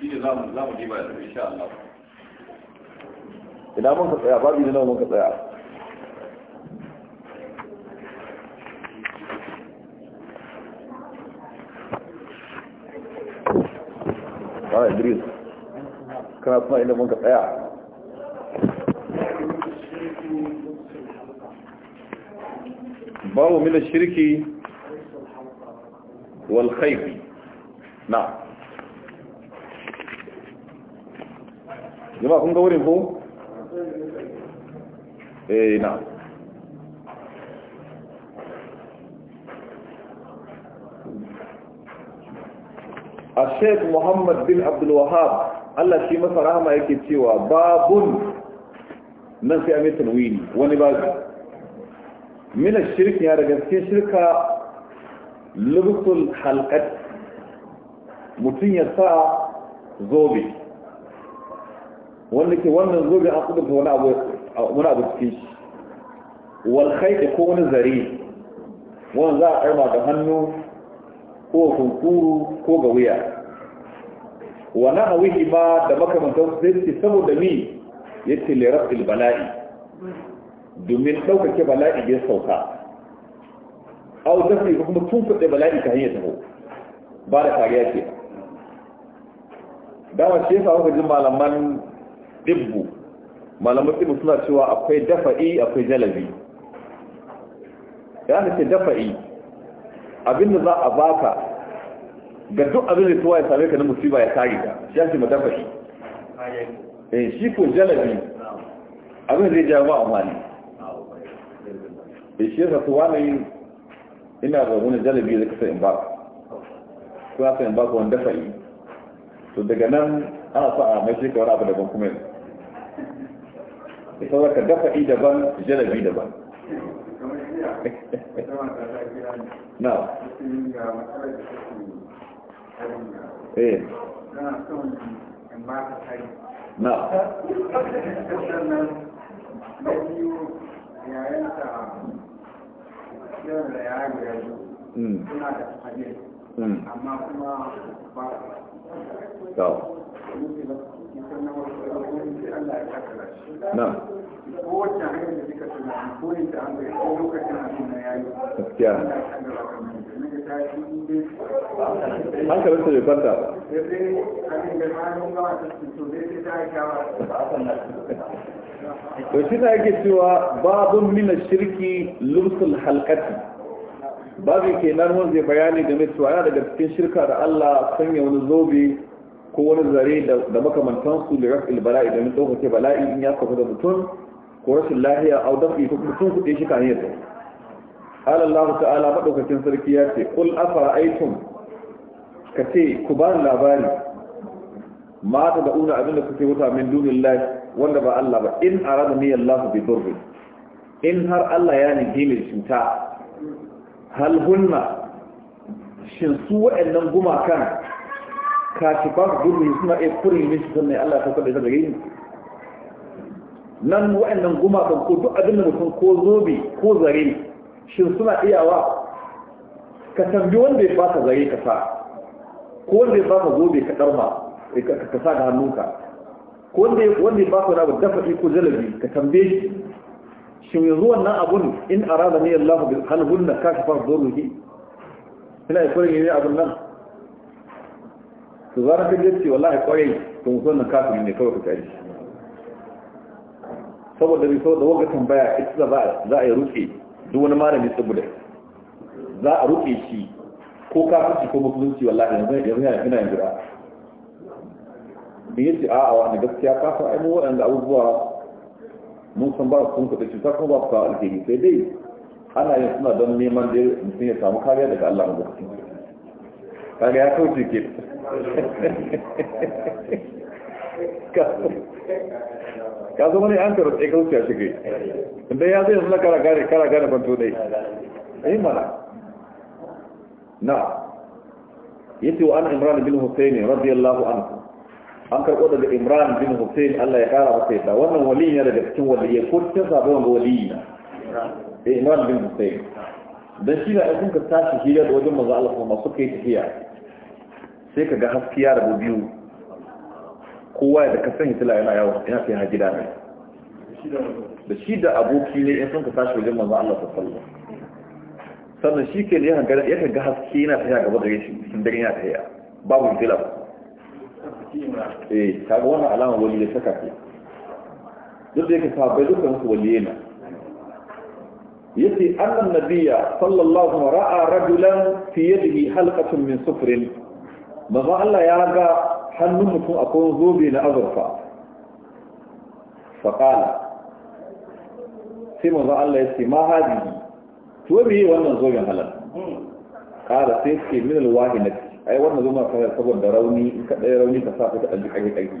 tauhidi za mu za da insha Allah mun ka tsaya babu ne mun ka tsaya Idris, kana suna inda mun ka tsaya. babu mila shirki wal na jama'a kun ga wurin ko? eh na a sheik muhammad bin abdulwahab allah shi masa rahama yake cewa babun nan sai amai tanwini wani babu mina shirki ya daga cikin shirka lubutul halkat mutum ya sa zobe wanda ke wannan zobe an kudu wani wani abu cikin shi wal khayda ko wani zare wanda za a karma da hannu ko kunkuru ko ga wuya wa nahawihi ma da makamantar sai saboda mi ya ce rafil bala'i domin daukake bala'i bai sauka au dafi kuma tun kuɗe bala'i ta hanyar taho ba da kariya ce ba dama shi yasa muka ji malaman dibbu malaman dibbu suna cewa akwai dafa'i akwai jalabi ya ce dafa'i da za a baka ga duk abin da tuwa ya same ka na musiba ya tare ka shi ya ce ma dafa'i eh shi ko jalabi abin zai jawo ba amfani da eh, shi yasa tuwa ne ina ga wani jalabi zai kasa in baka kuma sai in baka wani dafa'i to daga nan ana sa a mai shekara abu daban kuma yanzu ita za ka i daban jalabi daban na eh na yau da ya suna da amma kuma hmm. ba نعم kowace hanyar da suka tunani ko ne ta hanyar ko lokacin abin na yayi gaskiya hankalin ta bai kwanta ba to shi na yake cewa babun mina shirki lubsul halkati babu kenan wanda zai bayani game da yana daga cikin shirka da Allah sanya wani zobe ko wani zare da makamantansu da rafil bala'i da mutum ke bala'i in ya kafa da mutum ko rashin lahiya a wadda ko mutum kuɗe shi kan yadda ala Allah ta'ala madaukakin sarki ya ce kul afa aitum ka ce ku ba labari mata da una abinda kuke wuta min dunillahi wanda ba Allah ba in arada ni Allah bi durri in har Allah ya nufi mai cuta hal hunna shin su waɗannan gumakan kashifa gurbi suna iya ne shi sannan Allah ya saukar da daga yin nan waɗannan gumakan ko duk abin da mutum ko zobe ko zare shin suna iyawa ka tambi wanda ya baka zare ka sa ko wanda ya baka zobe ka ɗarma ka sa ga hannunka ko wanda ya baka wani abu dafa ko jalabi ka tambaye shi shin yanzu wannan abun in arada ne Allah bil halhunna kashifa dhurrihi ina ikorin ne abun nan to zara ka wala wallahi kwarai to mun nan kafin ne kawai ka kai saboda bi saboda wanga tambaya ita za za a rufe duk wani malami saboda za a rufe shi ko kafirci ko musulunci wallahi yanzu yanzu yana yin jira bi yace a'a wani gaskiya kafa ai mu waɗanda abubuwa mun san ba sun kuɗa cuta kuma ba su kawo alheri sai dai ana yin suna don neman da mutum ya samu kariya daga Allah mu zafi kaga ya kauce ke ka zama ne an karo tsaye kauce a kai inda ya zai suna kara gane kara gane banto dai ai mana na yace wa an imran bin husaini radiyallahu anhu an karɓo daga imran bin hussein allah ya kara masa yadda wannan wali ne daga cikin waliyai ko cikin sabo wanga wali na eh, imran bin hussein dan shi na sun ka tashi hira da wajen manzo allah kuma suka yi tafiya sai ka ga haskiya da biyu kowa da ka sani tila yana yawo yana sai ha gida ne da shi da aboki ne in sun ka tashi wajen manzo allah sallu. sannan shi ke ne yakan ga haske yana tafiya gaba da shi cikin dare yana tafiya babu fitila ba eh kaga wannan alama wali da saka ce duk da yake sahabbai dukkan su waliye na yace annan nabiyya sallallahu alaihi ra'a rajulan fi yadihi halqatun min sufrin maza Allah ya ga hannun mutum akwai zobe na azurfa faƙala sai maza Allah ya ce ma hajji to me wannan zoben halal Kada hmm. sai ce min alwahi na ai wannan zuma kawai saboda rauni in ka ɗaya rauni ka sa ka ɗan ƙage ƙage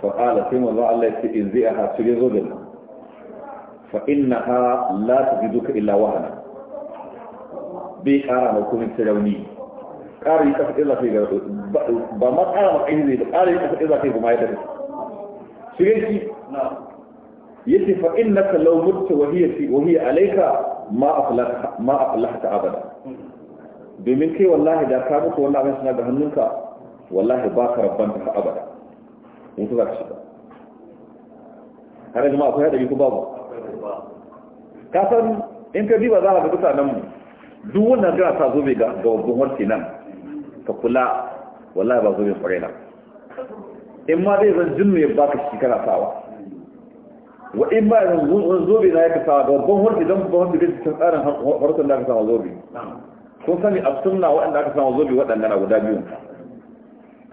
فقال فإنها لا تجدك إلا وهنا بيقارا قال يكفت إلا فإنك لو مت وهي, وهي عليك ma aflahta abada domin kai wallahi da ka mutu wannan abin suna ga hannunka wallahi ba ka rabban ka abada in ku za ka shiga har yanzu ma akwai haɗari ko babu ka san in ka diba za ka ga mutanen mu duk wannan gara ta zobe ga babban warke nan ka kula wallahi ba zobe kwarai na in ma zai zan jinnu ya baka shi kana sawa wa in ba zobe na ya kasa babban hurfi don babban hurfi bai cikin tsarin farkon da aka sama zobe kun sani a sunna waɗanda aka sama zobe waɗanda na guda biyu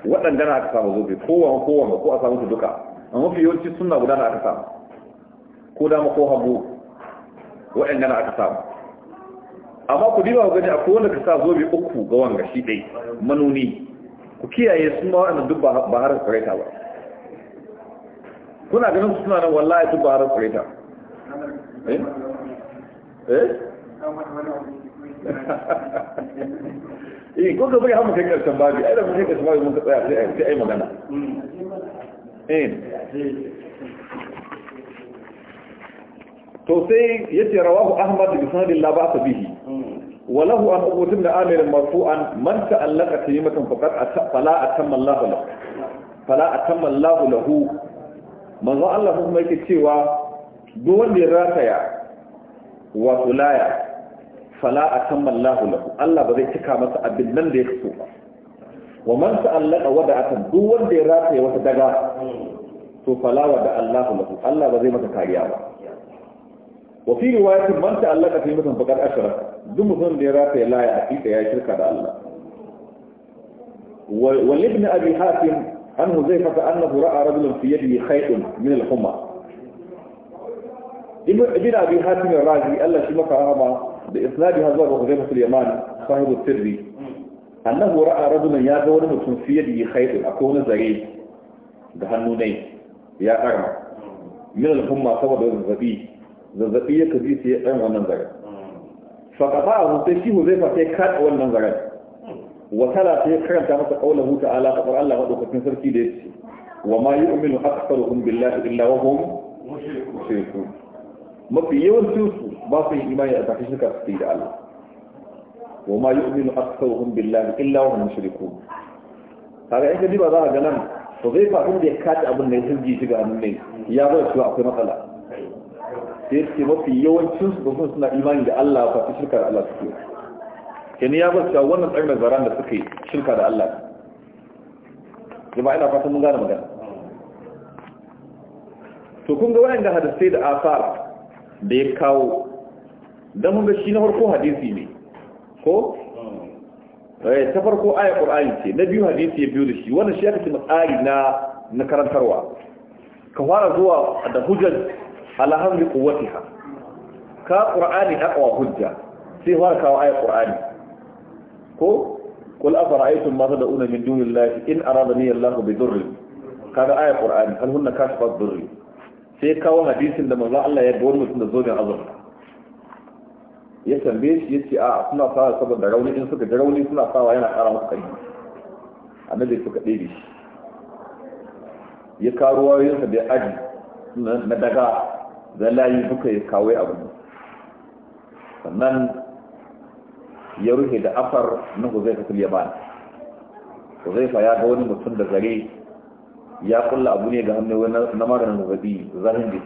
waɗanda na aka sama zobe kowane kowane ko a samu su duka a mafi yawanci sunna guda na aka sama ko dama ko hagu waɗanda na aka sama amma ku diba gani akwai wanda ka sa zobe uku ga wanga shi ɗai manuni ku kiyaye sun ma waɗanda duk ba har karaita ba kuna ganin su suna nan wallahi duk ba harin kureta eh eh eh ko ka bari hamu kai karshen babi ai da mun kai karshen babi mun ka tsaya sai ai magana eh to sai yace rawahu ahmad bi sanadin la ba'sa bihi وله أن أقول ابن آمر مرفوعا من تألق كلمة فقط فلا أتم الله له فلا أتم الله له manzon Allah kuma yake cewa duk wanda ya rataya wato laya fala atamma Allahu lahu Allah ba zai cika masa abin nan da ya so ba wa man ta'allaka wada'atan duk wanda ya rataya wata daga to fala wada Allah lahu Allah ba zai masa kariya ba wa fi riwayatin man ta'allaka fi mutum faqad ashraka duk mutum da ya rataya laya a ya shirka da Allah wa ibn abi hatim عن هزيفة أنه رأى رجلا في يده خيط من الحمى ابن أبي هاتم الرازي ألا شمك أعمى بإسنادها ذر هزيفة اليمان صاحب السري أنه رأى رجلا يا دولة في يده خيط أكون زغي دهنوني يا أعمى من الحمى صوب الزبي الزبي يكذي سيئ أعمى من زريب فقطعه تشيه هزيفة كات والمنزرات wakala sai ya karanta masa qaulahu ta'ala fadar Allah madaukakin sarki da yace wa ma yu'minu aktharuhum billahi illa wa hum mushrikun mafi yawancin su ba su yi imani a tafi shirka su da Allah wa ma yu'minu aktharuhum billahi illa wa hum mushrikun kaga in ka diba za a ga nan to zai fa inda ya kaci abin da ya sirji shi ga hannun ne ya bar cewa akwai matsala sai ce mafi yawancin su ba suna imani da Allah ba su shirka da Allah suke kini ya basu wannan tsarnar zaran da suka yi shirka da Allah jama'a ina fatan mun gane magana to kun ga da hadisai da asar da ya kawo don mun ga shi na farko hadisi ne ko eh, ta farko aya qur'ani ce na biyu hadisi ya biyu da shi wannan shi aka ce matsari na na karantarwa ka fara zuwa da hujjar alhamdu quwwatiha ka qur'ani aqwa hujja sai fara kawo aya qur'ani ko kul afara'aytum ma tad'una min dunillahi in aradani Allahu bi dhurri kaga aya qur'ani hal hunna kashfat dhurri sai kawo hadisin da manzo Allah ya gowar mutum da zobin azurfa ya tambaye shi yace a suna fawa saboda rauni in suka ji rauni suna fawa yana ƙara musu kai annabi suka ɗebe shi ya kawo wayoyinsa da aji na daga da layi suka yi kawai abu sannan ya rufe da afar na huzaifa tul yaman huzaifa ya ga wani mutum da zare ya kulla abu ne ga hannu na maganin zazzabi zarin da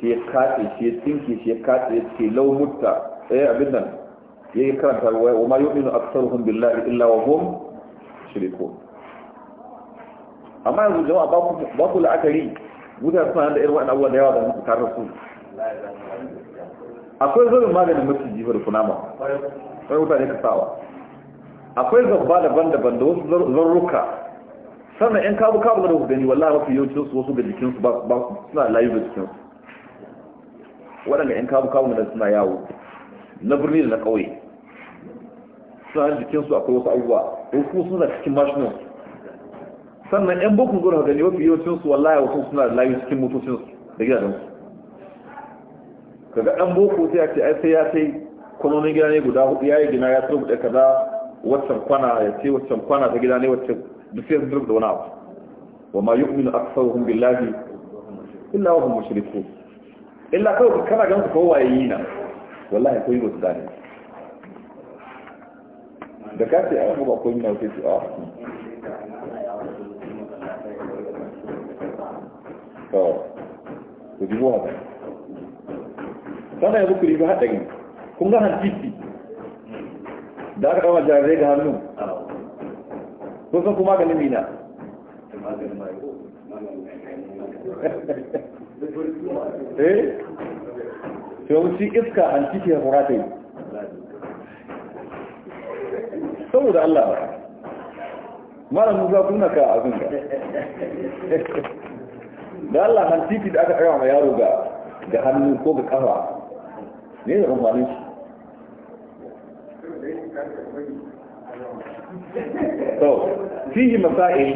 ke ya kace shi tsinke shi ya kace ce tsaye eh, abin nan ya yi karanta waya wa ma yi uminu hun billahi illa wa hun shiriko amma yanzu jama'a ba ku la'akari mutane suna da irin wa'in abuwa da yawa da mutu su akwai zubin maganin mafi da kunama wani mutane ka sawa akwai zabba daban-daban da wasu zarruka sannan yan kabu kabu da gani wallahi mafi yawancin wasu ga jikinsu ba suna layu da jikinsu waɗanda yan kabu kabu da suna yawo na birni da na ƙauye suna jikinsu akwai wasu abubuwa wasu suna cikin mashinu sannan yan bukun gudun gani mafi yawancin su wallahi wasu suna layu cikin motocinsu da gidajensu kaga dan boko sai a ce ai sai ya sai kuma mun gida ne guda hudu yi gina ya tsoro da kaza waccan kwana ya ce waccan kwana ta gida ne waccan duk sai duk da wani abu wa ma yu'minu aktsaruhum billahi illa wa hum mushrikun illa kawai kana ganin ko waye na wallahi ko yi wasu gane da ka ce ai ah, ba ko yi na wasu a ah. to ku ji haka kana yanzu ku riba haɗari kun ga hantiti da aka ɗawa jarirai ga hannu Ko san kuma ganin mina eh yawanci iska hantiti ya furata yi saboda Allah malam mu musa kuna ka abin ka da Allah hantiti da aka ɗaga ma yaro ga hannu ko ga ƙafa ne da amfanin shi to fihi masail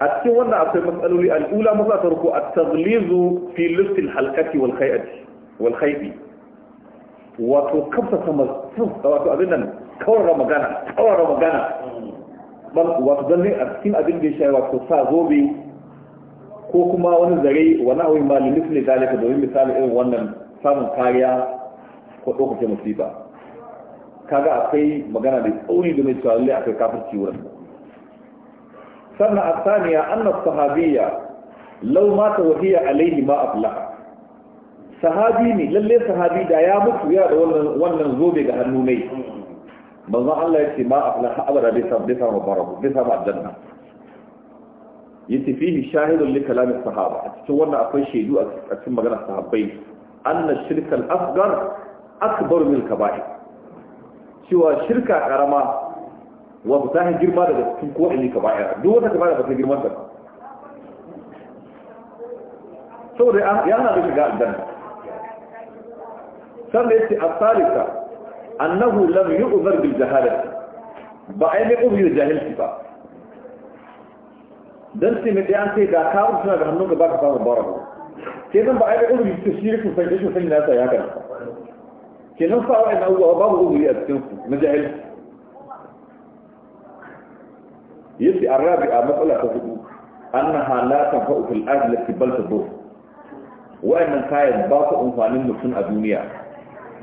a cikin wannan akwai matsaloli al'ula maza ta ruku a taglizu fi luftin halkati wal khaifi wato kamsa sama wato abin nan kawar magana kawar magana wato zanne a cikin abin da ya shayi wato sa zobe ko kuma wani zare wani awai malin nufin da dalika domin misali irin wannan samun kariya ko ɗaukake musiba kaga akwai magana da tsauri da mai tsawalli akai kafirci wurin sannan Asaniya, saniya annas sahabiyya lau mata wahiya alaihi ma aflaha sahabi ne lalle sahabi da ya mutu ya da wannan zobe ga hannu mai manzo Allah ya ce ma aflaha abada bai samu bai samu barahu bai samu aljanna yace fihi shahidun li kalam sahaba a cikin wannan akwai shaidu a cikin magana sahabbai أن الشرك الأصغر أكبر من الكبائر شوى شركة كرما وفتاها جرما تنكوح لي كبائر دوتا كبائر بس جرما تنكوح آه، يا أنا بشي قال الجنة سمعت الثالثة أنه لم يؤذر بالجهالة بعين يقوم يجاهل كفا دلسي مديان إيه سيدا كاوب سنة بحنوك باك بارك sai nan ba a yi uzuri ta shi rikin sai rashin sani nasa ya kana ke nan sa wa'in abubuwa babu uzuri a cikin su na jahil yace arabi a matsala ta hudu annaha la tanfa'u fil ardi lati bal tadur nan kayan ba su amfanin mutum a duniya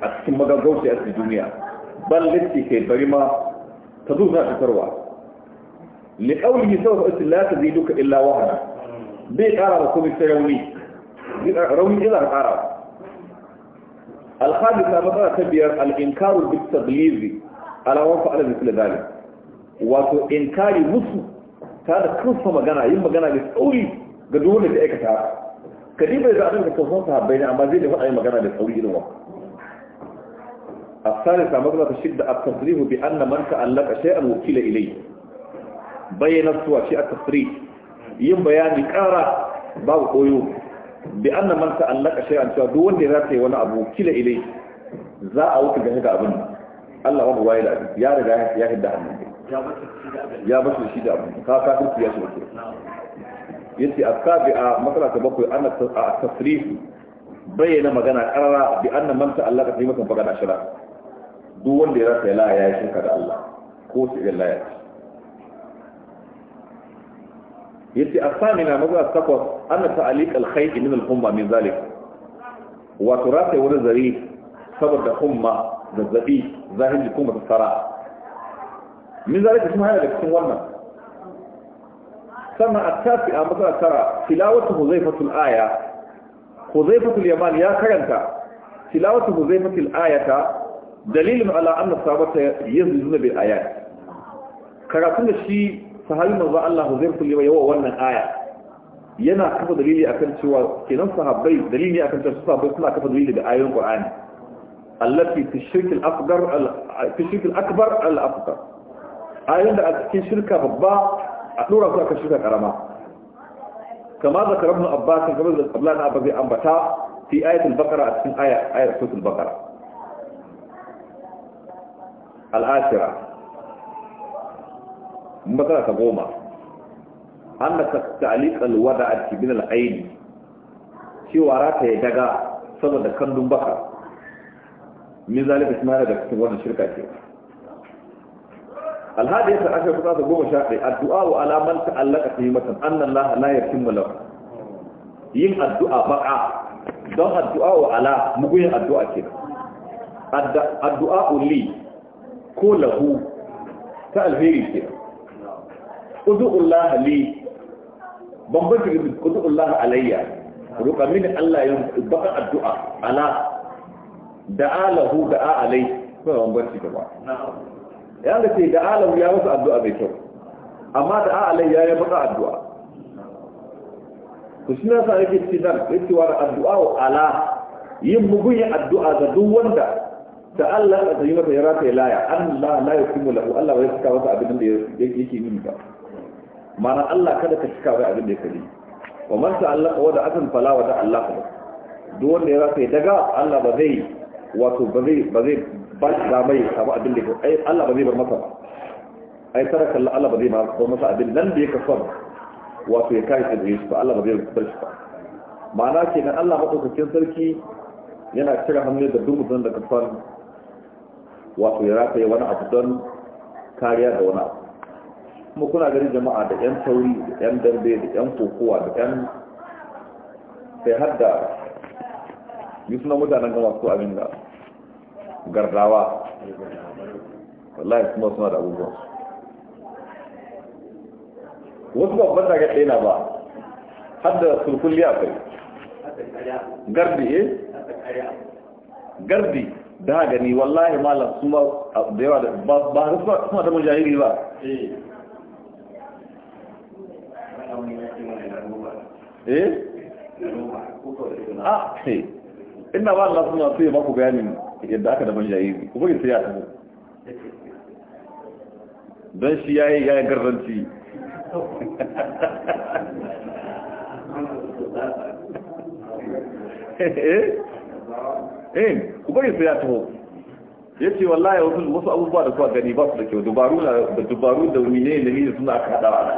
a cikin magagauci a cikin duniya bal lati kai bari ma tadur na fitarwa li qawlihi sawfa la duka illa wahana bai kara da komai sai rauni rauni ina ƙara alhadisa matsala ta biyar al'inkaru duk tablizi alawar fa'adar da sila zalim wato inkari musu ta da kansa magana yin magana da tsauri ga dole da aikata kadi bai za a ka tausan sahabbai bai amma zai da faɗa yin magana da tsauri irin wa a sare magana ta shidda a tasirihu bi an na man ta'allaka shai alwakila ilai bayyana suwa shi a tasiri yin bayani ƙara babu koyo bi anna man allaka shay'an cewa duk wanda ya rataye wani abu kila ilai za a wuce game ga abin Allah wanda waye da ya riga ya hidda hannun ya bashi shi da abin ka ka kirki ya shi bace yace a matsala ta bakwai anna tasrif bayyana magana karara bi anna man ta'allaka maka magana shara duk wanda ya rataye la ya shirka da Allah ko shi da la ya yace asamina maza asakwas anna ta'liq al-khayt min al-humma min zalik wa turasa wa zari saboda humma zazzabi zahin jikin ba tsara min zalika kuma yana da cikin wannan sannan attafi a matsala tara tilawatu huzaifatul aya huzaifatul yaman ya karanta tilawatu huzaifatul ayata dalilin ala anna sabata yanzu bil ayat karatun da shi sahabi manzo Allah Huzair kulli bai yawa wannan aya yana kafa dalili akan cewa kenan sahabbai dalili akan cewa sahabbai suna kafa dalili da ayoyin Qur'ani allati fi shirk al-akbar fi shirk al-akbar al afqar ayoyin da ake shirka babba a dora su akan shirka karama kama zakar ibn Abbas kamar da Abdullah ibn Abbas ambata fi ayatul baqara a cikin aya ayatul baqara al-ashira matsala ta goma an da ta'aliƙar wada a cibin al'aini cewa rata ya daga saboda kandun baka min zalika suna da cikin wannan shirka ce alhadi yasa aka kusa ta goma sha addu'a wa alaman ta'allaka ta yi mata, annan laha la yarkin malau yin addu'a baka don addu'a wa ala mugun addu'a ce addu'a uli ko lahu ta alheri ce udu'ullaha li bambanci da udu'ullaha alayya roƙa mini Allah yin baka addu'a ala da'a lahu da'a alai ba bambanci da ba ya ga ce da'a lahu ya wasu addu'a mai kyau amma da'a alayya ya baka addu'a ku shi nasa yake ce nan yake wa addu'a ala yin mugun yin addu'a ga duk wanda da Allah ka yi mata ya rata ya laya Allah la yukimu lahu Allah bai saka masa abin da yake yi ba mana Allah kada ka cika bai abin da ka yi wa man ta'allaka wa da akan fala wa da Allah ba duk wanda ya rasa daga Allah ba zai wato ba zai ba zai ba da mai abu abin da ai Allah ba zai bar masa ba ai taraka Allah ba zai bar masa abin nan da yake son wato ya kai tsaye shi ba Allah ba zai bar shi ba ma'ana kenan Allah madaukakin sarki yana cire hannu da duk mutum da kafan wato ya rasa wani abu don kariya da wani abu kuma kuna ganin jama'a da yan tauri da yan dambe da yan kokowa da yan sai har da yi suna mutanen gama su abin da gardawa wallahi kuma suna da abubuwan wasu babban da gaɗe na ba har da sulkulliya kai gardi eh gardi da gani wallahi malam su da yawa da ba su ma da mujahiri ba eh. eh ah, ina ba Allah suna sai ba ku bayanin yadda aka da banjayi ku bugi sai ya tafi don shi yayi yayi garanti eh? eh ku bari sai ya taho yace wallahi wasu wasu abubuwa da kuka gani ba su da kyau dubaru da dubaru da wani ne da ni suna aka hada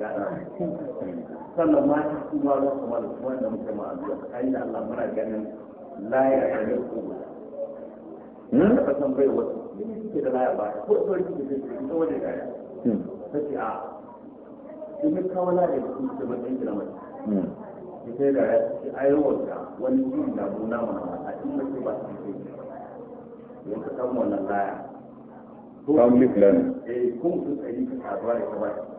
sannan ma shi su ma za da kuma da muke ma azuwa yi da Allah muna ganin laya da ne ko ba mun da san bai wasu ne kike da layar ba ko to kike da kike wajen ta hmm. sai a in kawo laya da kike da matsayin da mai ita da ya ci aiwata wani yi da gona ma a cikin mace ba su ke yanka kan wannan laya. Family planning. Eh, kun su yi ka sabuwa da ka ba ta.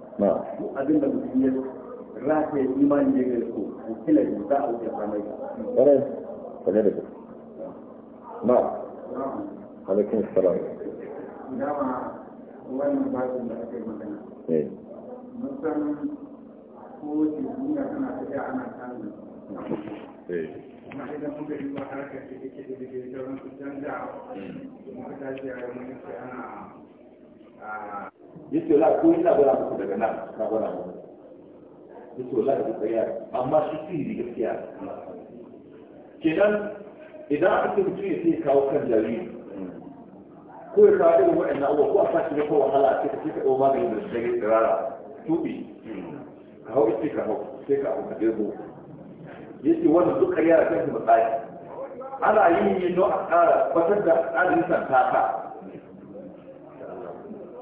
duk abin da mutum ya rata ya imani ya gari ko kila ne za a wuce samai ƙwarai ƙwarai da gaske na alaikun salam dama wannan babin da aka yi magana eh. mun ko ce duniya tana tafiya ana samun eh. kuma idan muka yi ba harkar da take da ke da wani canza muka tashi a yammacin ana yace la ko ina gwada muku daga nan na gwada muku yace la da tsaya amma shi sihiri gaskiya kenan idan aka mutum ya sai kawo kan jariri ko ya kawo irin waɗannan abubuwa ko a sashi na ko wahala a cikin cikin ɗau maganin da shi tsirara tubi ka hau ita ka hau sai ka hau ka ɗirgo ya ce wannan duk ƙarya da kanki matsayi ana yin yi don a ƙara fatar da tsarin santa ka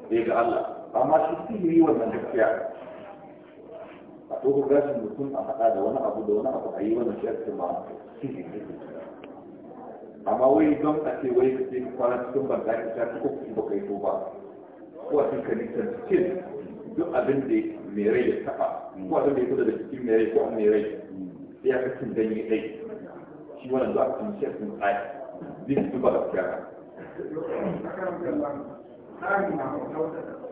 ga Allah amma shi yi wannan gaskiya a ɗaukar gashin mutum a haɗa da wani abu da wani abu a yi wannan shi cikin ma sihiri amma wai don a ce wai ka ce kwana cikin banza ki shafi ko kuma ba kai to ba ko a cikin kalitan cikin duk abin da mai rai ya taɓa ko abin da ya fita da cikin mai rai ko an mai rai sai aka cin ganye ɗai shi wannan za a cikin shi a cin tsari zai fi ba gaskiya.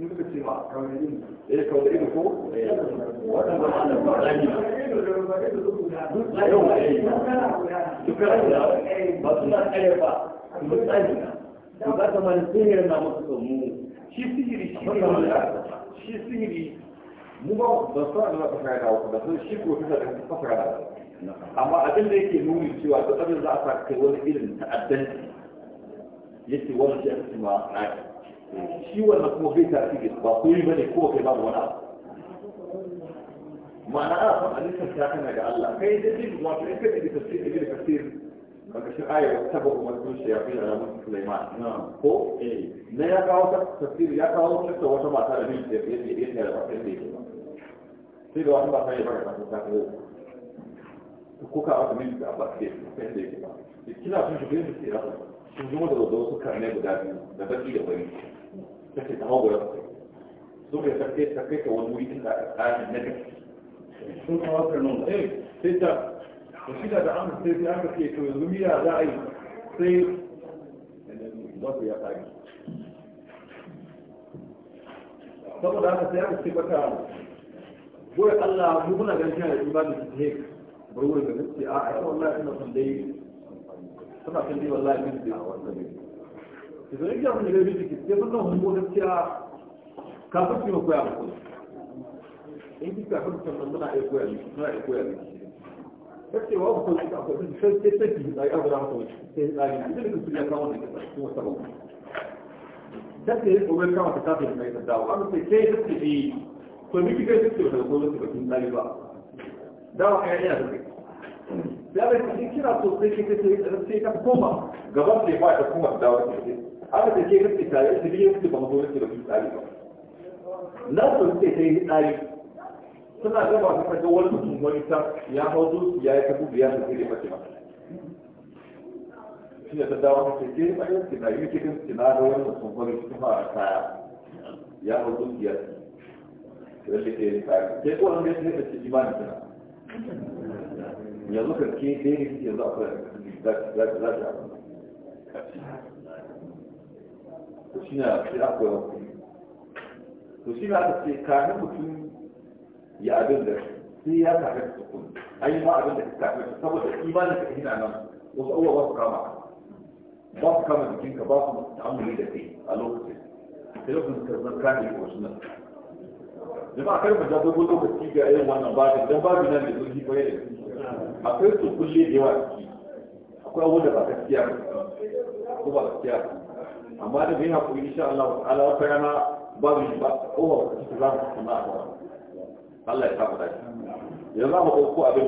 in suka ce ma ido ko waɗanda da ƙwararri yau da ba eh, ba su za ta mani na masu tsammu shi shi shi sihiri mu ba ba su dawo ba shi ko fita da amma abin da yake nuni cewa duk abin za a sa kai wani irin ta'addanci yake wani shi a cikin ma'ana shi wannan kuma bai tasiri ba ko yi bane ko kai babu wani ma'ana ana son alisan ta kana ga Allah kai da jin wato in kai da tafsir da tafsir karkashin ayar taba umar sun shi ya fi da Sulaiman ko eh. na ya kawo tafsir ya kawo ta wata mata da bin da ya da ba sai da ba sai da wani ba sai ya ta ta ko ko ka wata min da ba sai sai da ba kina sun shi bin da ya sun da wasu karne guda biyu da baki da bari لكن هو يقصد سوريا فكرة فكرة والمريد انت قاعد النجم شو خواطر نوم ايه سيدا وشيدا ده عامل سيدي عامل كي تولوميا داعي سيد المضاف يا حاجة طبعا هذا سيعمل سيبكا بقول الله يبنى جنجان الإيمان هيك بقول بنفسي آه والله انا صندي سمع صندي والله بنفسي da rage abin da gari jiki sai wannan hungo gaskiya kafin ki ma koya muku in ki kafin ki san muna iya koya miki muna iya koya miki kace wa ku kuma akwai sai sai sai ki da abu da mutum sai da ni idan ku ya kawo ne kuma sabon kace ko bai kama ta kafin mai da dawo amma sai sai kace eh to miki kai kace da gobe ba kin dali ba dawo kai ya da sai da kira to sai kike sai ka koma gaban da ba ta kuma dawo aka da ke rufe tare su biyu su ba mazo rufe da su tsari ba na su rufe ta yi tsari suna gaba su kaga wani mutum wani ta ya hau zuci ya yi ta gudu ya su tsere mace ba shi da ta dawo ta ce ba yi su na yi cikin su na ga wani mutum wani su ma kaya ya hau zuci ya su rufe ta yi tsari sai ko an gaji ne da ce imanin tana yanzu karke dai yanzu a za ta za ta shi na shi akwai wasu to shi na ta ce kanin mutum ya abin da sai ya kafin su kun an yi ma abin da ka kafin su saboda imanin ka hina nan wasu abubuwa ba su kama ba su kama jikinka ba su ta'amuli da kai a lokacin sai lokacin karɓar kafin ko suna jama'a kar mu jago ko lokaci ga irin wannan babin dan babin nan da zurfi bayan akwai su kulle da yawa ciki akwai abubuwan da ba gaskiya ba ko ba gaskiya ba amma da bai haƙuri insha Allah ta'ala wata rana ba mu ba ko ba cikin za mu kuma Allah ya samu dace yanzu za ko ɗauko abin